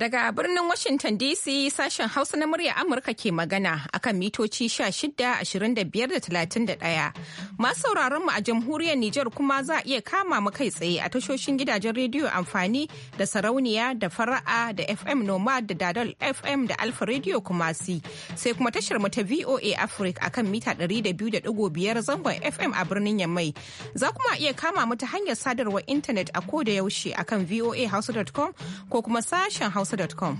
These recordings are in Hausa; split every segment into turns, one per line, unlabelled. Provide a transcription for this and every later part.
Daga birnin Washington DC sashen Hausa na murya Amurka ke magana akan mitoci 16-25-31. Masu sauraron mu a jamhuriyar Nijar kuma za a iya kama mu kai tsaye a tashoshin gidajen rediyo amfani da sarauniya da fara'a da FM Nomad da Dadal FM da Alfa Radio si Sai kuma tashar mu ta VOA Africa akan mita 200.5 zangon FM a birnin yamai Za kuma iya kama mu ta hanyar sadarwar intanet a ko da yaushe akan voahausa.com ko kuma sashen hausa hausa.com.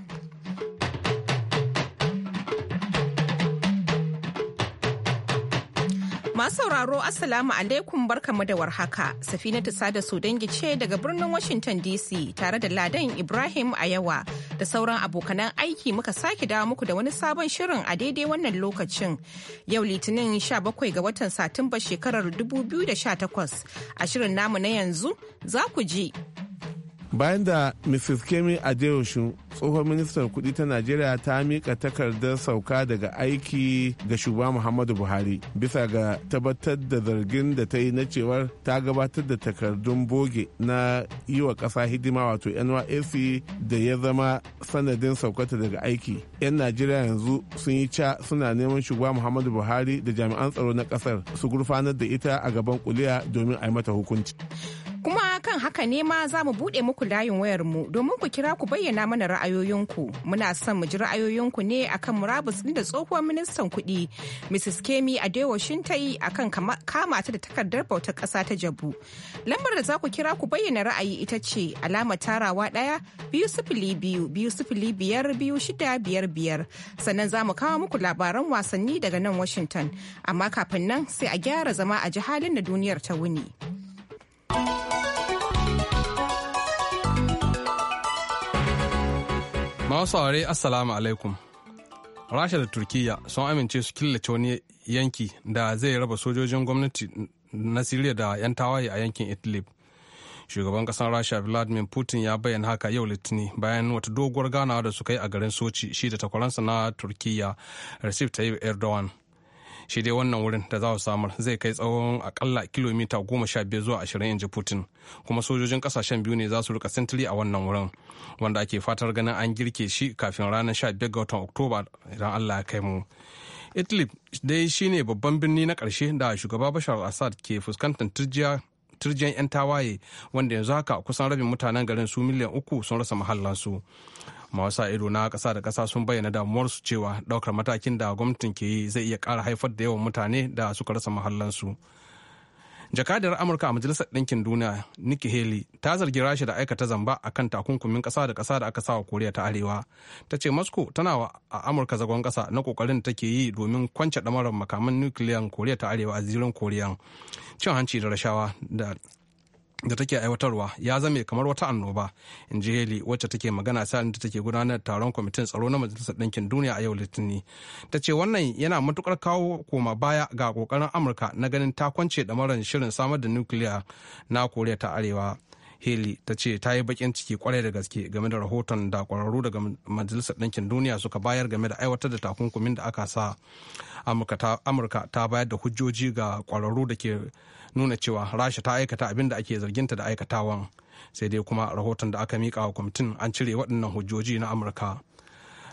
Masu sauraro Assalamu alaikum barkamu da warhaka. Safinatu Sada dangi ce daga birnin Washington DC tare da Ladan Ibrahim Ayawa da sauran abokanan aiki muka sake dawo muku da wani sabon shirin a daidai wannan lokacin. Yau Litinin 17 ga watan Satumba shekarar 2018 a shirin namu na yanzu za ku ji
bayan da mrs kemi adeoshun tsohon ministan kudi ta najeriya ta mika takardar sauka daga aiki ga shugaba muhammadu buhari bisa ga tabbatar da zargin da ta yi na cewar ta gabatar da takardun boge na yi wa kasa hidima wato nysc da ya zama sanadin saukata daga aiki 'yan najeriya yanzu sun yi ca suna neman shugaba muhammadu buhari da jami'an tsaro na kasar su gurfanar da ita a gaban kuliya domin a yi mata hukunci
Kuma kan haka ne ma za mu buɗe muku layin wayarmu domin ku kira ku bayyana mana ra'ayoyinku. Muna son mu ji ra'ayoyinku ne akan murabus ɗin da tsohuwar ministan kuɗi Mrs. Kemi Adewa Shintai akan kama ta da takardar bautar ƙasa ta Jabu. Lambar da za ku kira ku bayyana ra'ayi ita ce alama tarawa ɗaya biyu sifili biyu biyu sifili biyar biyu shida biyar biyar. Sannan za mu kawo muku labaran wasanni daga nan Washington. Amma kafin nan sai a gyara zama a ji halin da duniyar ta wuni.
Masu aure Assalamu alaikum. Rasha da Turkiyya sun amince su killace wani yanki da zai raba sojojin gwamnati na Siriya da 'yan tawaye a yankin Idlib. Shugaban kasar Rasha Vladimir Putin ya bayyana haka yau Litinin bayan wata doguwar ganawa da suka yi a garin Sochi shi da takwaransa na Turkiyya Recep Tayyip Erdogan. shi dai wannan wurin da za su samar zai kai tsawon akalla kilomita goma sha biyar zuwa ashirin inji putin kuma sojojin kasashen biyu ne za su rika sintiri a wannan wurin wanda ake fatar ganin an girke shi kafin ranar sha biyar ga watan oktoba idan allah ya kai mu idlib dai shine babban birni na karshe da shugaba bashar assad ke fuskantar turjiya turjen 'yan tawaye wanda yanzu haka kusan rabin mutanen garin su miliyan uku sun rasa mahallansu masu ido na ƙasa da ƙasa sun bayyana damuwarsu cewa ɗaukar matakin da gwamnatin ke yi zai iya ƙara haifar da yawan mutane da suka rasa mahallansu. su jakadiyar amurka a majalisar ɗinkin duniya nikki haley ta zargi rasha da aikata zamba a kan takunkumin ƙasa da ƙasa da aka sa wa koriya ta arewa ta ce moscow tana wa a amurka zagon ƙasa na ƙoƙarin da take yi domin kwance ɗamarar makaman nukiliyan koriya ta arewa a zirin koriyan cin hanci da rashawa da da take aiwatarwa ya zame kamar wata annoba in ji heli wacce take magana sa da take gudanar da taron kwamitin tsaro na majalisar ɗinkin duniya a yau litinin ta ce wannan yana matukar kawo koma baya ga kokarin amurka na ganin ta kwance ɗamarin shirin samar da nukiliya na koriya ta arewa haley ta ce ta yi bakin ciki kwarai da gaske game da rahoton da kwararru daga majalisar ɗinkin duniya suka bayar game da aiwatar da takunkumin da aka sa amurka ta bayar da hujjoji ga kwararru da ke nuna cewa rasha ta aikata abin da ake zarginta da aikatawan sai dai kuma rahoton da aka mika wa kwamitin an cire waɗannan hujjoji na amurka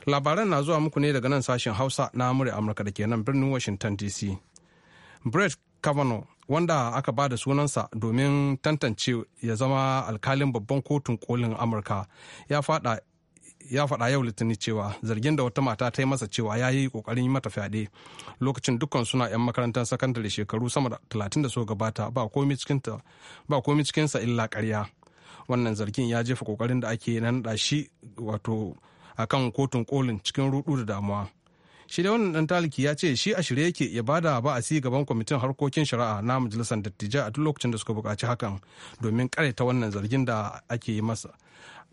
labaran na zuwa muku ne daga nan sashen hausa na murya amurka da ke nan birnin washington dc brett kavanaugh wanda aka ba da sunansa domin tantance ya zama alkalin babban kotun kolin amurka ya fada ya faɗa yau litini cewa zargin da wata mata ta yi masa cewa ya yi ƙoƙarin yi mata fyaɗe lokacin dukkan suna 'yan makarantar sakandare shekaru sama da talatin da so gabata ba komi cikinsa illa karya wannan zargin ya jefa ƙoƙarin da ake na shi wato akan kotun kolin cikin rudu da damuwa shi da wannan dan taliki ya ce shi a shirye yake ya ba bada ba'asi gaban kwamitin harkokin shari'a na majalisar dattijai a duk lokacin da suka buƙaci hakan domin ta wannan zargin da ake yi masa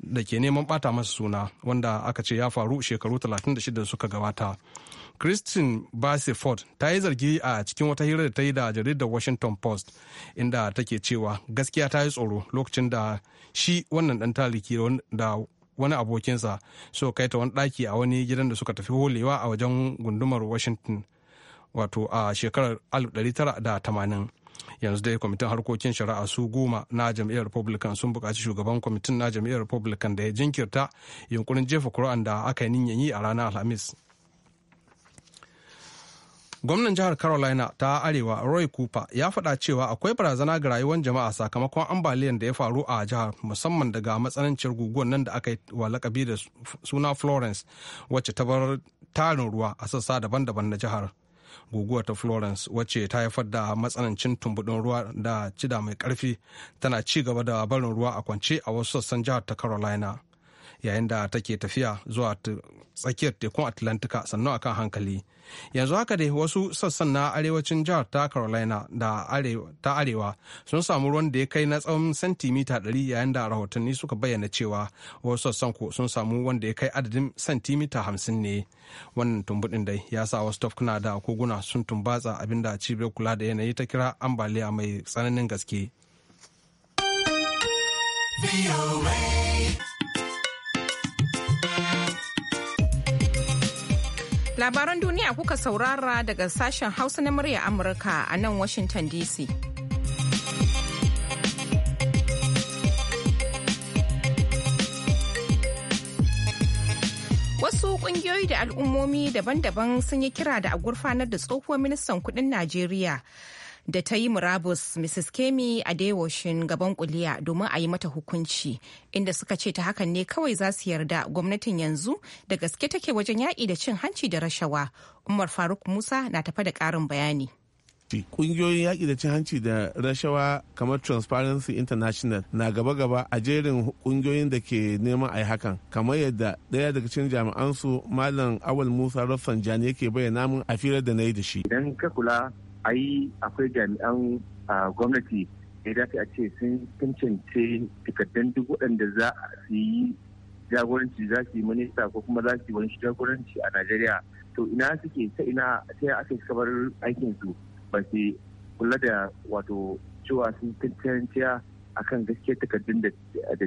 da ke neman bata masa suna wanda aka ce ya faru shekaru 36 da suka gabata christine bassey ford ta yi zargi a cikin wata hira da ta yi da jaridar washington post inda take cewa gaskiya ta yi tsoro lokacin da shi wannan dan taliki da wani abokinsa so kai ta wani ɗaki a wani gidan da suka tafi holewa a wajen gundumar washington wato a shekarar 1980 yanzu dai kwamitin harkokin shari'a su goma na jam'iyyar republican sun buƙaci shugaban kwamitin na jam'iyyar republican da ya jinkirta yunkurin jefa kuran da aka yi yi a ranar alhamis gwamnan jihar carolina ta arewa roy cooper ya faɗa cewa akwai barazana ga rayuwar jama'a sakamakon ambaliyar da ya faru a jihar musamman daga matsananciyar guguwar nan da aka yi wa lakabi da suna florence wacce ta bar tarin ruwa a sassa daban-daban na jihar guguwa ta florence wacce ta haifar da matsanancin tumbudin ruwa da cida mai karfi tana ci gaba da barin ruwa a kwance a wasu sassan jihar ta carolina yayin da take tafiya zuwa tsakiyar tekun atlantika sannan akan hankali yanzu haka dai wasu sassan na arewacin jihar ta carolina da ta arewa sun samu ruwan da ya kai na tsawon santimita 100 yayin da rahotanni suka bayyana cewa wasu sassan ko sun samu wanda ya kai adadin santimita 50 ne wannan tumbudin dai ya sa wasu tafkuna da koguna sun tumbatsa abin da cibiyar kula da yanayi ta kira ambaliya mai tsananin gaske.
Labaran duniya kuka saurara daga sashen Hausa na murya Amurka a nan Washington DC. Wasu kungiyoyi da al'ummomi daban-daban sun yi kira da a gurfanar da tsohuwar ministan kudin Najeriya da ta yi murabus Mrs. Kemi a Dewoshin gaban kuliya domin a yi mata hukunci inda suka ce ta hakan ne kawai za su yarda gwamnatin yanzu da gaske take wajen yaƙi da cin hanci da rashawa. Umar Faruk Musa na tafa da ƙarin bayani.
kungiyoyin yaƙi da cin hanci da rashawa kamar transparency international na gaba-gaba a jerin kungiyoyin da ke neman a yi hakan kamar yadda ɗaya daga cikin jami'ansu malam awal musa rafsanjani yake bayyana mun a firar da na yi da shi
idan ka kula ai akwai jami'an gwamnati da ya dace a ce sun cancance takardun duk waɗanda za su yi jagoranci za su yi minista ko kuma za su yi wani jagoranci a najeriya to ina suke ta ina ta aka kabar aikin su ba su kula da wato cewa sun cancance akan gaskiyar takardun da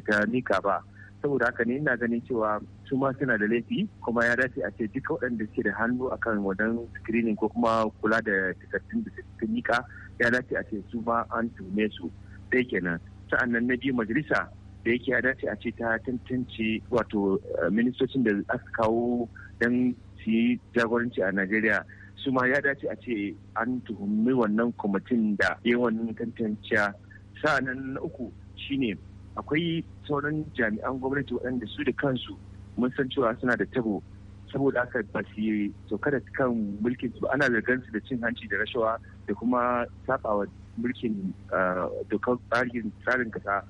ta nika ba saboda haka ne ina ganin cewa su ma suna da laifi kuma ya dace a ce duka waɗanda suke da hannu akan wajen screening ko kuma kula da takardun da suka mika ya dace a ce su ma an tume su dai kenan nan na biyu majalisa da yake ya dace a ce ta tantance wato eh, ministocin da aka kawo don su yi jagoranci a najeriya su ma ya dace a ce an tuhumi wannan kwamitin da yawan tantanciya nan na uku shine akwai sauran jami'an gwamnati waɗanda su da kansu mun san cewa suna da tabo saboda haka ba su yi da kan mulkin su ana zargan su da cin hanci da rashawa da kuma sabawa mulkin ah, dokar tsarin tsarin kasa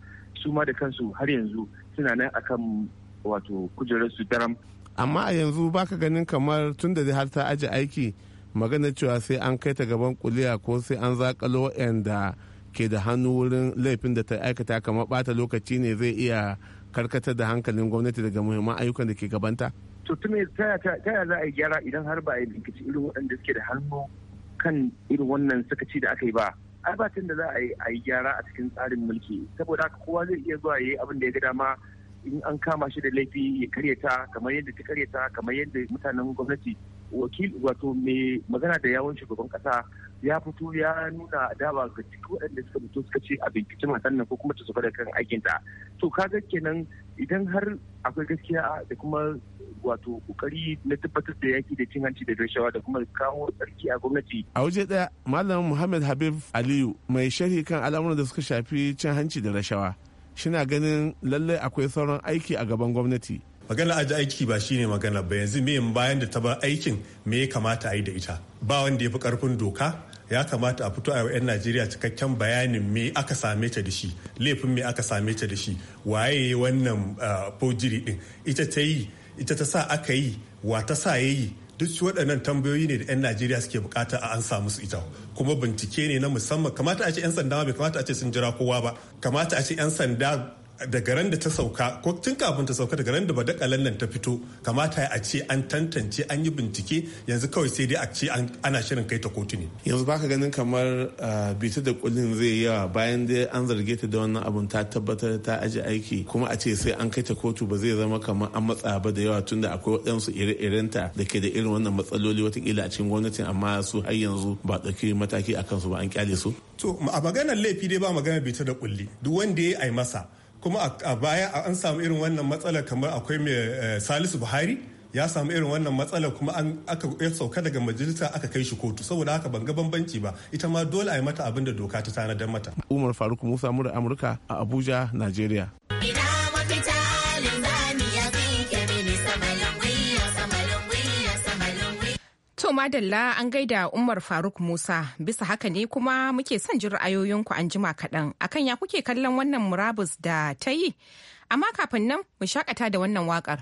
su ma da kansu har yanzu suna nan akan wato kujerar su daram
amma a yanzu baka ganin kamar tun da har ta aji aiki magana cewa sai an kai ta gaban kuliya ko sai an zakalo waɗanda ke da hannu wurin laifin da ta aikata kamar bata lokaci ne zai iya karkatar da hankalin gwamnati daga muhimman ayyukan da ke gabanta?
To tume ta yaya za a yi gyara idan har ba a yi binkici irin waɗanda suke da hannu kan irin wannan sakaci da aka yi ba. Ai ba da za a yi gyara a cikin tsarin mulki saboda haka kowa zai iya zuwa ya yi abin da ya ga dama in an kama shi da laifi ya karyata kamar yadda ta karyata kamar yadda mutanen gwamnati wakil wato mai magana da yawon shugaban kasa ya fito ya nuna dawa ga duk waɗanda suka fito suka ce a bincike matan nan ko kuma ta zuba da kan aikinta to kaga kenan idan har akwai gaskiya da kuma wato kokari na tabbatar da yaki da cin hanci da rashawa da kuma kawo tsarki a gwamnati.
A waje daya Malam Muhammad Habib Aliyu mai sharhi kan al'amuran da suka shafi cin hanci da rashawa. Shina ganin lallai akwai sauran aiki a gaban gwamnati. magana aji aiki ba shine magana ba yanzu me bayan da ta bar
aikin me ya kamata a yi da ita ba wanda ya fi karfin doka ya kamata a fito a yau 'yan najeriya cikakken bayanin me aka same ta da shi laifin me aka same ta da shi waye wannan ah, fojiri din ita ta yi ita ta sa aka yi wa ta sa ya yi duk waɗannan tambayoyi ne da 'yan najeriya suke bukata a an samu su ita kuma bincike ne na musamman kamata a ce 'yan sanda bai kamata a ce sun jira kowa ba kamata a ce 'yan sanda daga ran da ta sauka ko tun kafin ta sauka daga ran da badakalan nan ta fito kamata a ce an tantance an yi bincike yanzu kawai sai dai a ce ana shirin kai ta kotu ne
yanzu baka ganin kamar ah, bita da kullin zai yawa bayan dai an zarge ta da wannan abun ta tabbatar ta aji aiki kuma a ce sai an kai ta kotu ba zai zama kamar an matsa ba da yawa tunda akwai waɗansu ire-irenta da ke da irin wannan matsaloli watakila a cikin gwamnatin amma su har yanzu ba ɗauki mataki a kansu ba an kyale su
to a maganar laifi dai ba magana bita da kulli duk wanda ya yi masa kuma a baya an samu irin wannan matsala kamar akwai mai eh, salisu buhari ya samu irin wannan matsala kuma an aka ya sauka daga majalisa aka kai shi kotu saboda haka ban ga bambanci ba ita ma dole a yi mata abin da doka ta tanadar
mata umar faruk musa mura amurka a abuja nigeria
To madalla an gaida Umar Faruk Musa bisa haka ne kuma muke son jin ra'ayoyinku an jima kaɗan akan ya kuke kallon wannan murabus da ta yi. Amma kafin nan mu shakata da wannan wakar.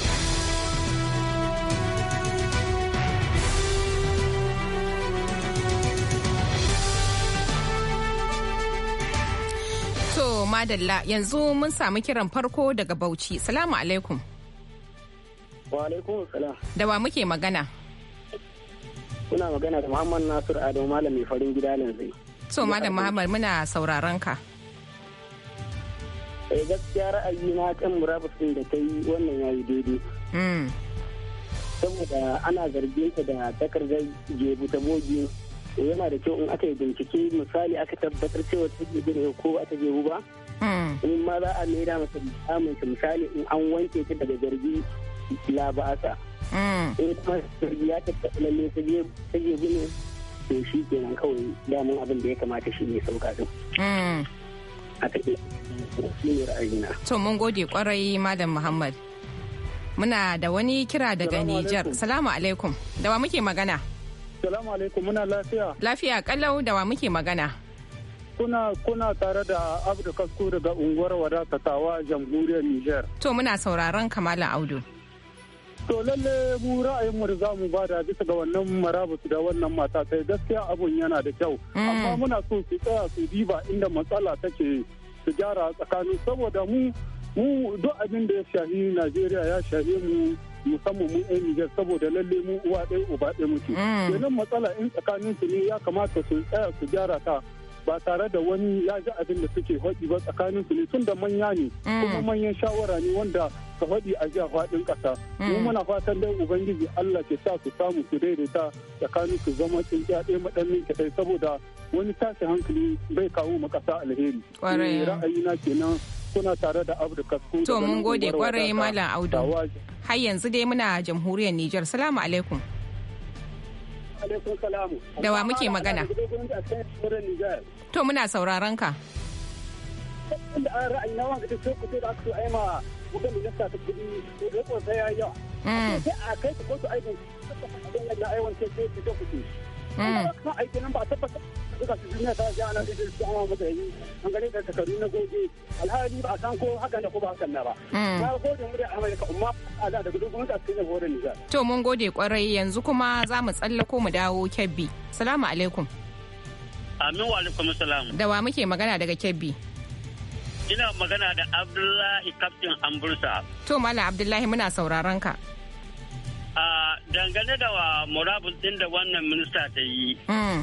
madalla yanzu mun samu kiran farko daga Bauchi. Salamu alaikum.
Wa alaikum salam.
Da wa muke magana?
Muna magana da Muhammad Nasir Adamu malam mai farin gida yanzu.
So Madam Muhammad muna sauraron ka.
Eh gaskiya ra'ayi na kan murabus din da ta yi wannan yayi daidai. Hmm. Saboda ana zargin ta da takardar jebu ta bogi eh, yana da kyau in aka yi bincike misali aka tabbatar cewa ta jebu ne ko ta jebu ba Mm. in ma za a maida masa samun misali in an wanke ta daga zargi la ba'asa mm. in kuma zargi ya tabbata lalle ta je gini to shi kenan kawai damun abin da ya kamata shi ne
sauka din mm. a take shi ne ra'ayina
to mun gode kwarai malam muhammad muna da wani kira daga Nijar. Salamu alaikum. Da wa muke magana? Salamu alaikum muna lafiya. Lafiya kalau da wa muke magana?
kuna kuna tare da abu Kasko daga unguwar wadatatawa jamhuriyar Nijar.
To muna sauraron Kamala Audu.
To lalle mu ra'ayin mu da mu bada bisa ga wannan marabusu da wannan mata sai gaskiya abun yana da kyau. Mm. Amma muna so su tsaya su diba inda matsala take su gyara tsakanin saboda mu mu duk abin da ya shahi Najeriya ya shahi mu musamman mu yan Nijar saboda lalle mu uwa ɗaya uba ɗaya muke. Mm. Kenan matsala in tsakanin su ne ya kamata su tsaya su gyara ta ba tare da wani ya ji abin da suke faɗi ba tsakanin su ne tun da manya ne mm. kuma manyan shawara ne wanda ka faɗi a jiya faɗin ƙasa mu mm. muna fatan dai ubangiji Allah ke sa su samu su daidaita tsakanin su zama tsinkiya ɗaya maɗannin kitai saboda wani tashi hankali bai kawo ma ƙasa alheri eh, ra'ayina kenan suna tare da Afirka to mun
gode kwarai malam Audu har yanzu dai muna jamhuriyar Nijar salamu alaikum
alaikum Da wa muke magana?
To muna sauraron ka.
Wanda an ra'ayi na wanga ta da aka so ma yawa. Sai a kai kotu nan ba suka su duniya ta ji ana rikin su amma mata yi an gani da takardu na goge alhali ba a san ko haka da ko ba hakan na ba. Mm. Na gode mu da Amurka amma a da daga dogon ta cikin jagorar Nijar.
To mun gode kwarai yanzu kuma za mu tsallako mu dawo Kebbi. Salamu alaikum.
Amin wa alaikum salam.
Da wa muke magana daga Kebbi?
Ina magana da Abdullahi Captain Ambursa.
To Malam Abdullahi muna sauraron ka.
Ah, dangane da wa murabus din da wannan minista ta yi. Mm.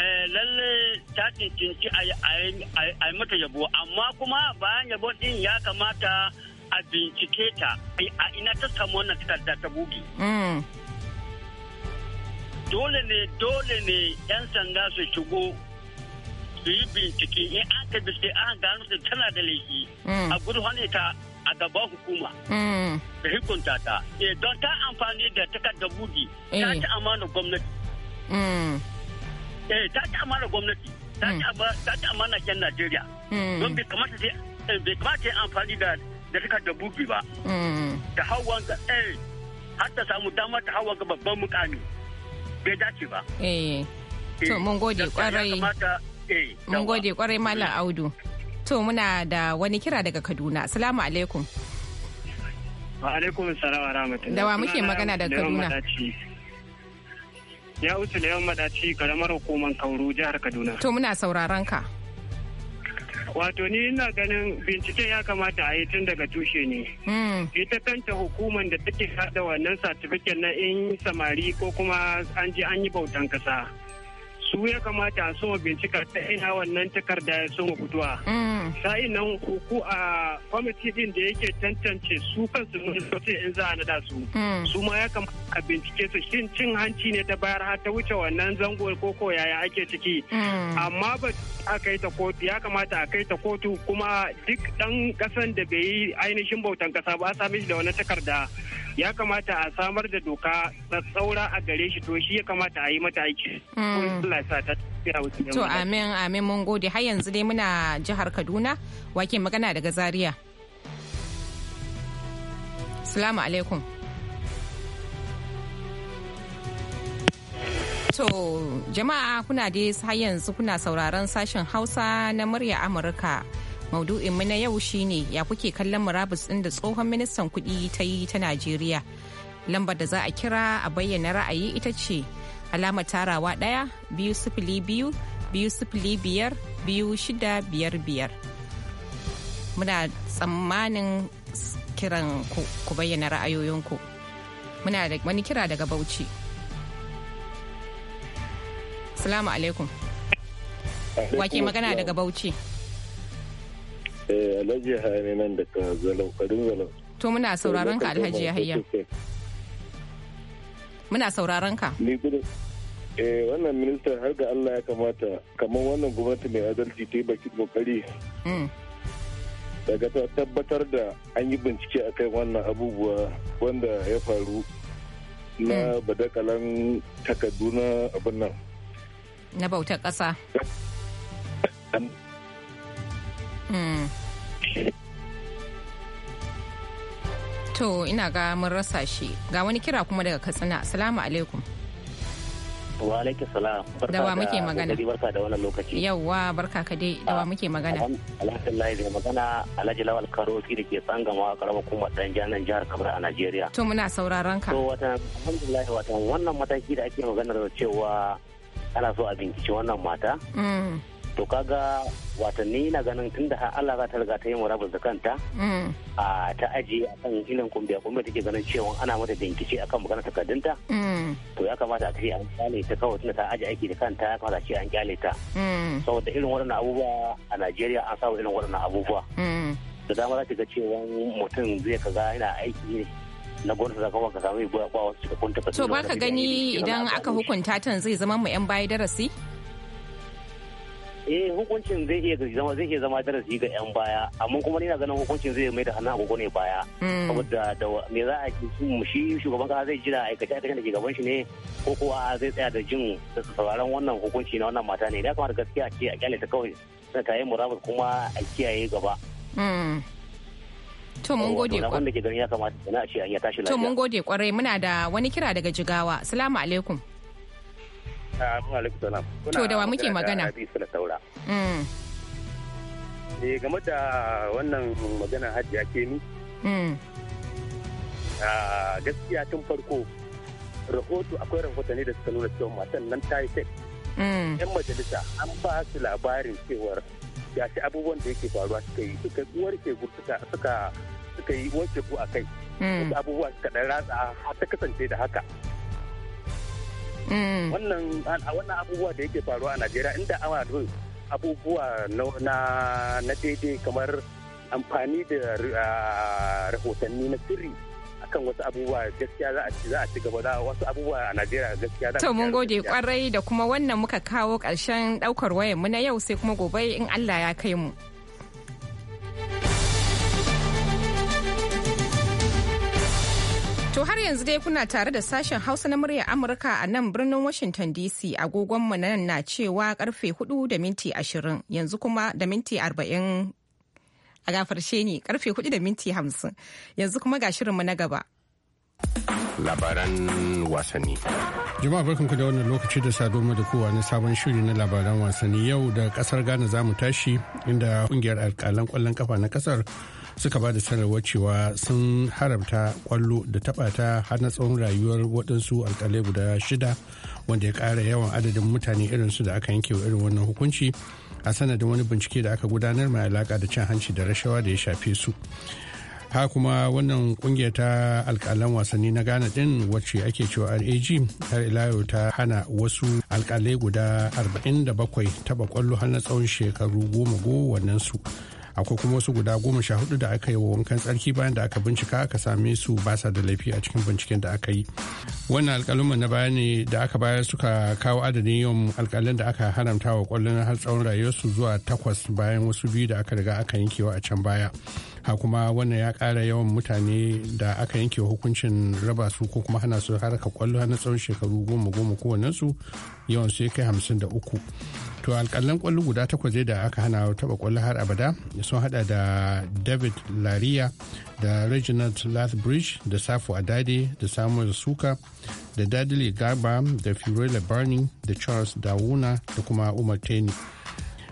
Eh, lalle ta cincinci a yi mata yabo amma kuma bayan yabo din ya kamata a bincike ta a ina ta samu wannan takarda ta bugi mm. dole ne dole ne 'yan sanda su shigo su yi bincike in an ka bincike an gano da tana da laifi mm. a gudu ta a gaban hukuma mm. da hukunta ta eh, don ta amfani da takardar bugi ta eh. ci amana gwamnati eh ta ci amana gwamnati ta ci hmm. amana yan Najeriya hmm. don bai kamata eh, bai kamata ya amfani da da takardar bubi ba hmm. ta hawan ga eh har ta samu dama ta hawan ga babban mukami bai dace ba eh,
eh to mun gode kwarai eh, mun gode kwarai malam Audu to muna da wani kira daga Kaduna assalamu alaikum wa alaikum assalam wa rahmatullahi da wa muke magana daga Kaduna
ya wuce yawan madaci karamar hukumar kauru jihar kaduna to muna
sauraron ka
wato ni ina ganin binciken ya kamata a yi tun daga tushe ne hmm. ita kanta hukumar da take hada wannan satifiket na in samari ko kuma an ji an yi bautan kasa su ya kamata a su bincika ta ina wannan takarda sun fitowa. Mm. Sa'in nan ku a kwamiti din da yake tantance su kansu ministoci in za a nada su. Mm. Su ma ya kamata a bincike su shin cin hanci ne ta bayar har ta wuce wannan zango koko yaya ake ciki. Mm. Amma ba a kai ta kotu ya kamata a kai ta kotu kuma duk ɗan ƙasan da bai yi ainihin bautan ƙasa ba a sami shi da wani takarda. ya kamata a samar da doka tsaura a gare shi to shi ya kamata a yi mata aiki. Hmm. To amin
amin mun gode har yanzu dai muna jihar Kaduna wake magana daga Zaria. Salamu alaikum. To jama'a kuna dai har yanzu kuna sauraron sashen Hausa na murya Amurka. Maudu'in mu na yau shine ya kuke kallon murabus ɗin da tsohon ministan kuɗi ta yi ta Najeriya. Lambar da za a kira a bayyana ra'ayi ita ce alamar tarawa ɗaya biyu sifili biyu biyu sifili biyar biyu shida biyar biyar. Muna tsammanin kiran ku bayyana ra'ayoyinku. Muna da wani kira daga Bauchi. Salamu alaikum. Wake magana daga Bauchi.
Eh, Alhaji Yahaya ne nan daga Zalau, karin Zalau.
To muna eh, sauraron ka Alhaji Yahaya. Muna sauraron ka. Ni
gudun. Eh, wannan minista har ga Allah ya kamata, kamar wannan gwamnati mai adalci ta yi baki kokari. Mm. Daga ta tabbatar da an yi bincike a kai wannan abubuwa wanda ya faru na mm. badakalan takardu na abin nan.
Na bautar ƙasa. Hmm. To ina ga mun rasa shi ga wani kira kuma daga Katsina. Assalamu alaikum.
Wa alaikum salam. Dawa muke magana. Barka da wannan lokaci.
Yawwa barka ka dai dawa ah, muke magana. Alhamdulillah da magana
Alhaji Lawal Karofi da ke tsangama a karamar kuma dan janan jihar Kabra a Najeriya. To
muna sauraron ka.
To wata alhamdulillah wata wannan mataki da ake magana da cewa ana so a binciki wannan mata. Hmm. to kaga watanni na ganin tun da Allah za ta riga ta yi murabus da kanta mm. a ta aji a kan ilin kumbiya kumbiya take ganin cewa ana mata dinkici a kan maganar takardunta mm. to ya kamata a ce an kyale ta kawai tun ta aji aiki da kanta ya kamata a ce an kyale ta mm. saboda irin waɗannan abubuwa a Najeriya an samu irin waɗannan abubuwa da dama za ki ga cewa mutum zai ka ga yana aiki ne. na gwamnati za ka samu ba wasu cikakkun takardun to baka gani idan aka
hukunta tan zai zama mu yan bayi darasi
eh hukuncin zai iya zama zai iya zama darasi ga yan baya amma kuma ina ganin hukuncin zai mai da hannu agogo ne baya hmm. saboda da me za a shi shugaban kasa zai jira aikace aikace da shugaban shi ne ko kuwa zai tsaya da jin sauraron wannan hukunci na wannan mata ne ya kamata gaskiya ce a kyale ta kawai ta yi murabus kuma a kiyaye gaba
hmm. To mun gode kwarai. To mun gode kwarai muna da wani kira daga Jigawa. Salamu alaikum.
To da wa muke magana? Eh game da wannan magana hajiya ke ni. gaskiya tun farko rahoto akwai ne da suka nuna cewa matan nan ta yi sex. Yan majalisa an ba su labarin cewar yashi abubuwan da yake faruwa suka yi suka warke gurtuka suka suka yi wanke ku a kai. Wasu abubuwa suka ɗan ratsa har ta kasance da haka. Mm. wannan wannan abubuwa da yake faruwa a najeriya inda awa abubuwa na na daidai kamar amfani da rahotanni na sirri akan wasu abubuwa gaskiya za a ci za a ci gaba da wasu abubuwa a Najeriya gaskiya za a To mun gode
kwarai da kuma wannan muka kawo ƙarshen ɗaukar wayar mu na yau sai kuma gobe in Allah ya kai mu. To har yanzu dai kuna tare da sashen Hausa na murya Amurka a nan birnin Washington DC agogonmu nan na cewa karfe 4 da minti 20 yanzu kuma da minti 40 a gafarshe ne karfe 4 da minti 50 yanzu kuma ga shirinmu na gaba.
Labaran wasanni. Jama'a barkanku da wannan lokaci da sadoma da kowa na sabon shiri na labaran wasanni yau da kasar Ghana za mu tashi inda kungiyar alkalan kwallon kafa na kasar suka ba da sanarwar cewa sun haramta kwallo da taɓa ta har na tsawon rayuwar waɗansu alƙalai guda shida wanda ya ƙara yawan adadin mutane irinsu da aka yanke wa irin wannan hukunci a sanadin wani bincike da aka gudanar mai alaƙa da cin hanci da rashawa da ya shafe su ha kuma wannan kungiyar ta alkalan wasanni na ghana din wacce ake cewa rag har ila yau ta hana wasu alkalai guda 47 taɓa kwallo har na tsawon shekaru goma go wannan su akwai kuma wasu guda goma sha hudu da aka yi wa wankan tsarki bayan da aka bincika aka same su basa da laifi a cikin binciken da aka yi wannan alkalin na baya ne da aka bayar suka kawo adadin yawan alkalin da aka haramta wa kwallon har tsawon rayuwarsu zuwa takwas bayan wasu biyu da aka riga aka yankewa a can baya ha kuma wannan ya kara yawan mutane da aka yanke hukuncin raba su ko kuma hana su haraka kwallo na tsawon shekaru goma goma su yawan su ya kai hamsin da uku to alƙalan kwallo guda takwas da aka hana taba kwallo har abada sun hada da david laria da reginald lathbridge da safo adade da samuel suka da dadley garba da fiorella barney da charles dawuna da kuma umar teni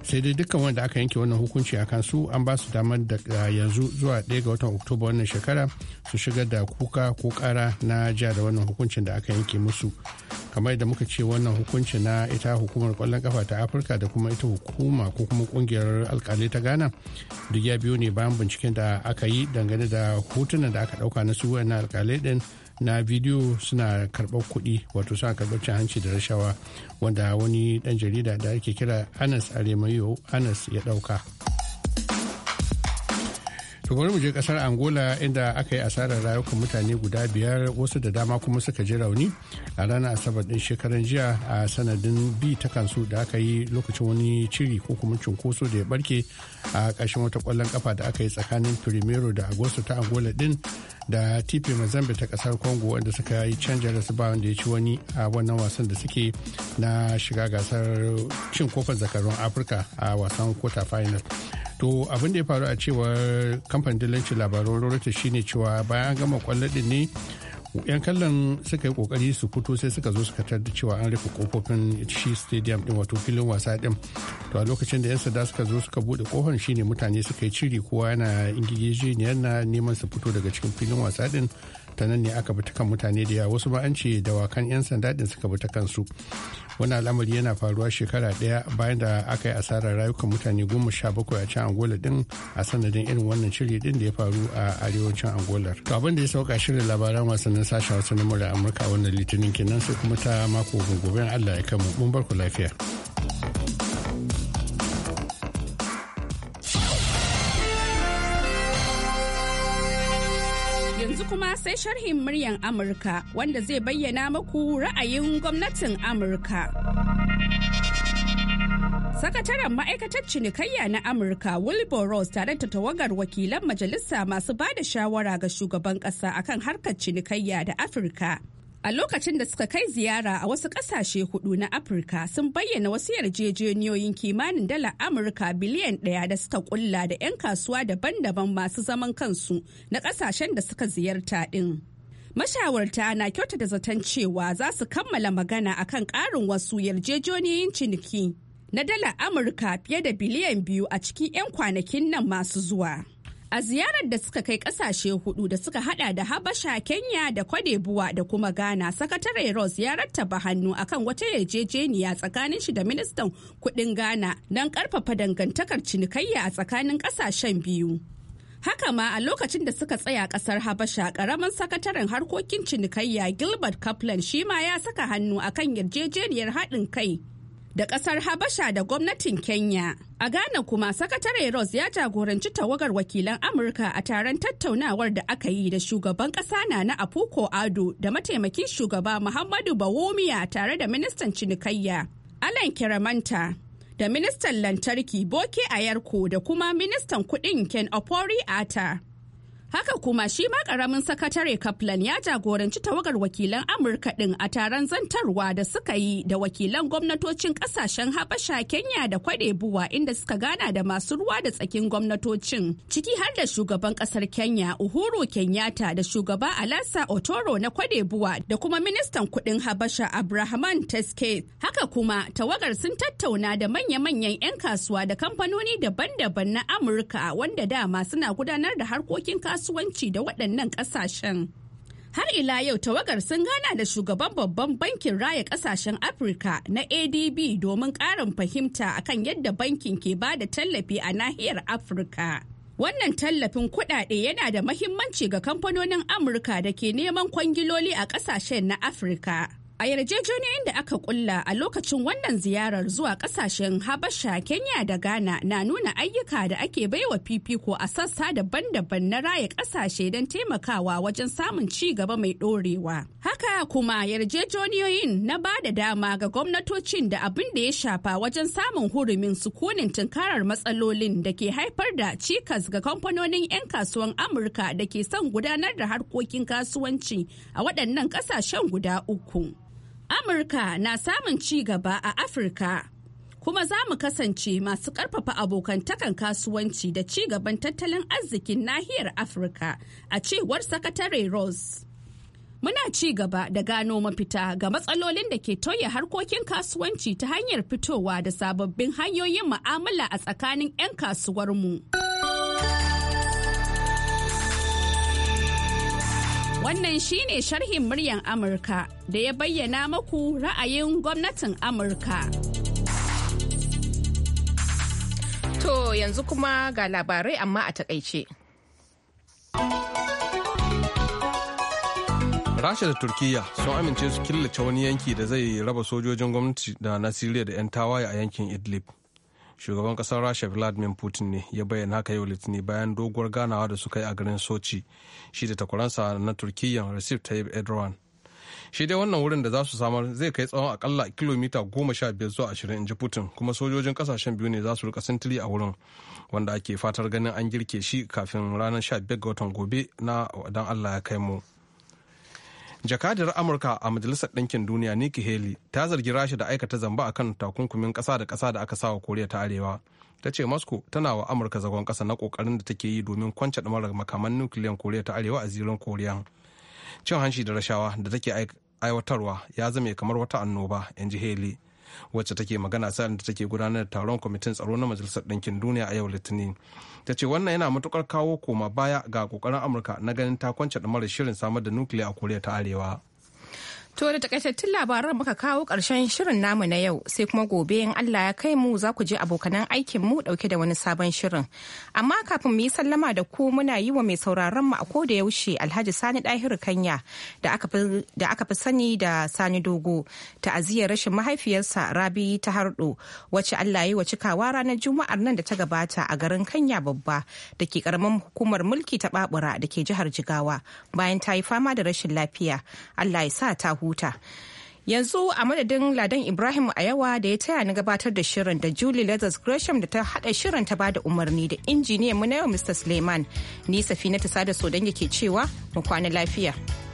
sai dai dukkan wanda aka yanke wannan hukunci a kan su an ba su damar da yanzu zuwa 1 ga watan oktoba wannan shekara su shigar da kuka ko kara na ja da wannan hukuncin da aka yanke musu kamar da muka ce wannan hukunci na ita hukumar kwallon kafa ta afirka da kuma ita hukuma ko kuma kungiyar alkali ta ghana duk ya biyo ne bayan binciken da aka yi dangane da hotunan da aka dauka na su wannan alkalai din na bidiyo suna karɓar kuɗi wato suna karɓar cin hanci da rashawa wanda wani ɗan jarida da ake kira anas aremayo anas ya ɗauka to mu je kasar angola inda aka yi asarar rayukan mutane guda biyar wasu da dama kuma suka ji rauni a ranar asabar din shekaran jiya a sanadin bi ta kansu da aka yi lokacin wani ciri ko kuma cunkoso da ya barke a ƙarshen wata ƙwallon kafa da aka yi tsakanin primero da agosto ta angola din da tp mazambe ta kasar congo wanda suka yi canja su ba wanda ya ci wani a wannan wasan da suke na shiga gasar cin kofar zakarun afirka a wasan quarter final to abin da ya faru a cewar kamfanin dillancin labarun rorata shine cewa bayan gama kwalladin ne yan kallon suka yi kokari su fito sai suka zo suka tarda cewa an rufe kofofin shi stadium din wato filin wasa din to a lokacin da yan sanda suka zo suka bude kofar shine mutane suka yi ciri kowa yana ne yana neman su fito daga cikin filin wasa din ta nan ne aka bi kan mutane da yawa wasu ba an ce dawakan 'yan sanda din suka bi ta su wani al'amari yana faruwa shekara daya bayan da aka yi asarar rayukan mutane goma sha bakwai a can angola din a sanadin irin wannan shiri din da ya faru a arewacin angola to abin da ya sauka shirin labaran wasannin sashen wasu na mura amurka wannan litinin kenan sai kuma ta mako gobe allah ya kai mu mun bar ku lafiya.
sai sharhin muryan Amurka wanda zai bayyana muku ra'ayin gwamnatin Amurka. Sakataren ma'aikatar cinikayya na Amurka Wilbur Ross tare da tawagar wakilan majalisa masu ba da shawara ga shugaban ƙasa akan harkar cinikayya da Afirka A lokacin da suka kai ziyara a wasu ƙasashe hudu na Afirka sun bayyana wasu yarjejeniyoyin kimanin dala Amurka biliyan ɗaya da suka kulla da 'yan kasuwa daban-daban masu zaman kansu na ƙasashen da suka ziyarta ɗin. Mashawarta na kyauta da zaton cewa za su kammala magana a kan ƙarin wasu yarjejeniyoyin ciniki na dala Amurka fiye da biliyan biyu a cikin 'yan kwanakin nan masu zuwa. A ziyarar da suka kai kasashe hudu da suka hada da Habasha, Kenya da Kwadebuwa da kuma Ghana, sakatare Ross ya rattaba hannu akan wata yarjejeniya tsakanin shi da ministan kudin Ghana don karfafa dangantakar cinikayya a tsakanin kasashen biyu. Haka ma a lokacin da suka tsaya kasar Habasha, karamin sakataren harkokin cinikayya Gilbert Kaplan shi ma ya saka hannu akan yarjejeniyar haɗin kai. da kasar Habasha da gwamnatin Kenya. A Ghana kuma sakatare Ross ya jagoranci tawagar wakilan Amurka a taron tattaunawar da aka yi da shugaban kasa na Apuko Ado da mataimakin shugaba Muhammadu Bawomiya tare da ministan cinikayya Alan Kiramanta. da ministan lantarki Boke Ayarko da kuma ministan kuɗin Ken Opori Ata. Haka kuma shi ma karamin sakatare Kaplan ya jagoranci tawagar wakilan Amurka ɗin a taron zantarwa da suka yi da wakilan gwamnatocin ƙasashen Habasha, Kenya da Kwadebuwa inda suka gana da masu ruwa da tsakin gwamnatocin. Ciki har da shugaban ƙasar Kenya Uhuru Kenyatta da shugaba Alasa Otoro na Kwadebuwa da kuma ministan kuɗin Habasha Abrahaman Teske. Haka kuma tawagar sun tattauna da manya-manyan 'yan kasuwa da kamfanoni daban-daban na Amurka wanda dama suna gudanar da harkokin kasuwa kasuwanci da waɗannan ƙasashen. Har ila yau tawagar sun gana da shugaban babban bankin raya ƙasashen Afirka na ADB domin ƙarin fahimta akan yadda bankin ke ba da tallafi a nahiyar Afirka. Wannan tallafin kuɗaɗe yana da mahimmanci ga kamfanonin Amurka da ke neman kwangiloli a ƙasashen na Afirka. A yarjejeniyoyin da aka kulla a lokacin wannan ziyarar zuwa kasashen Habasha, Kenya da Ghana na nuna ayyuka da ake baiwa fifiko a sassa daban-daban na raya kasashe don taimakawa wajen samun ci gaba mai ɗorewa. Haka kuma yarjejeniyoyin na ba da dama ga gwamnatocin da abin da ya shafa wajen samun hurumin sukunin tunkarar matsalolin da ke haifar da cikas ga kamfanonin 'yan kasuwan Amurka da ke son gudanar da harkokin kasuwanci a waɗannan ƙasashen guda uku. Amurka na samun ci gaba a Afirka. Kuma za mu kasance masu ƙarfafa abokantakan kasuwanci da ci gaban tattalin arzikin nahiyar Afirka a cewar Sakatare Rose. Muna ci gaba da gano mafita ga matsalolin da ke tauye harkokin kasuwanci ta hanyar fitowa da sababbin hanyoyin mu'amala a tsakanin 'yan kasuwarmu. Wannan shine sharhin muryan Amurka da ya bayyana maku ra'ayin gwamnatin Amurka. To yanzu kuma ga labarai amma a takaice.
Rasha da Turkiyya sun amince su killace wani yanki da zai raba sojojin gwamnati da nasiriya da 'yan tawaye a yankin Idlib. shugaban kasar rasha vladimir putin ne ya bayyana haka yau litinin bayan doguwar ganawa da suka yi a garin sochi shi da takwaransa na turkiyya recep tayyip erdogan shi dai wannan wurin da za su samar zai kai tsawon akalla kilomita goma sha biyar zuwa ashirin inji putin kuma sojojin kasashen biyu ne za su rika sintiri a wurin wanda ake fatar ganin an girke shi kafin ranar sha biyar ga watan gobe na dan allah ya kai mu. jakadar amurka a majalisar ɗinkin duniya nikki haley ta zargi rasha da aikata zamba akan takunkumin ƙasa da ƙasa da aka sawa koriya ta arewa ta ce moscow tana wa amurka zagon ƙasa na ƙoƙarin da take yi domin kwance da mara makaman nukiliyan koriya ta arewa a zirin koriya cin hanshi da rashawa da take aiwatarwa ya zame kamar wata annoba in ji haley wacce take magana sa'in da take gudanar da taron kwamitin tsaro na majalisar ɗinkin duniya a yau litinin ta ce wannan yana matukar kawo koma baya ga kokarin amurka na ganin ta kwance da mara shirin samar da nukiliya a koriya ta arewa
To da takaitattun labaran muka kawo ƙarshen shirin namu na yau sai kuma gobe in Allah ya kai mu za ku je abokanan aikin mu dauke da wani sabon shirin. Amma kafin mu yi sallama da ku muna yi wa mai sauraron mu a ko da yaushe Alhaji Sani Dahiru Kanya da aka fi sani da Sani Dogo ta'aziyar rashin mahaifiyarsa Rabi ta harɗo wacce Allah ya yi wa cikawa ranar Juma'ar nan da ta gabata a garin Kanya babba da ke karamin hukumar mulki ta Babura da ke jihar Jigawa bayan ta yi fama da rashin lafiya. Allah ya sa ta huta. huta. Yanzu a madadin Ladan Ibrahim ayawa da ya taya ni gabatar da shirin da Julie Lazarus Gresham da ta hada shirin ta bada umarni da injiniyan mu na yau Mr. Suleiman. Ni Safina ta sada so dan yake cewa mu kwana lafiya.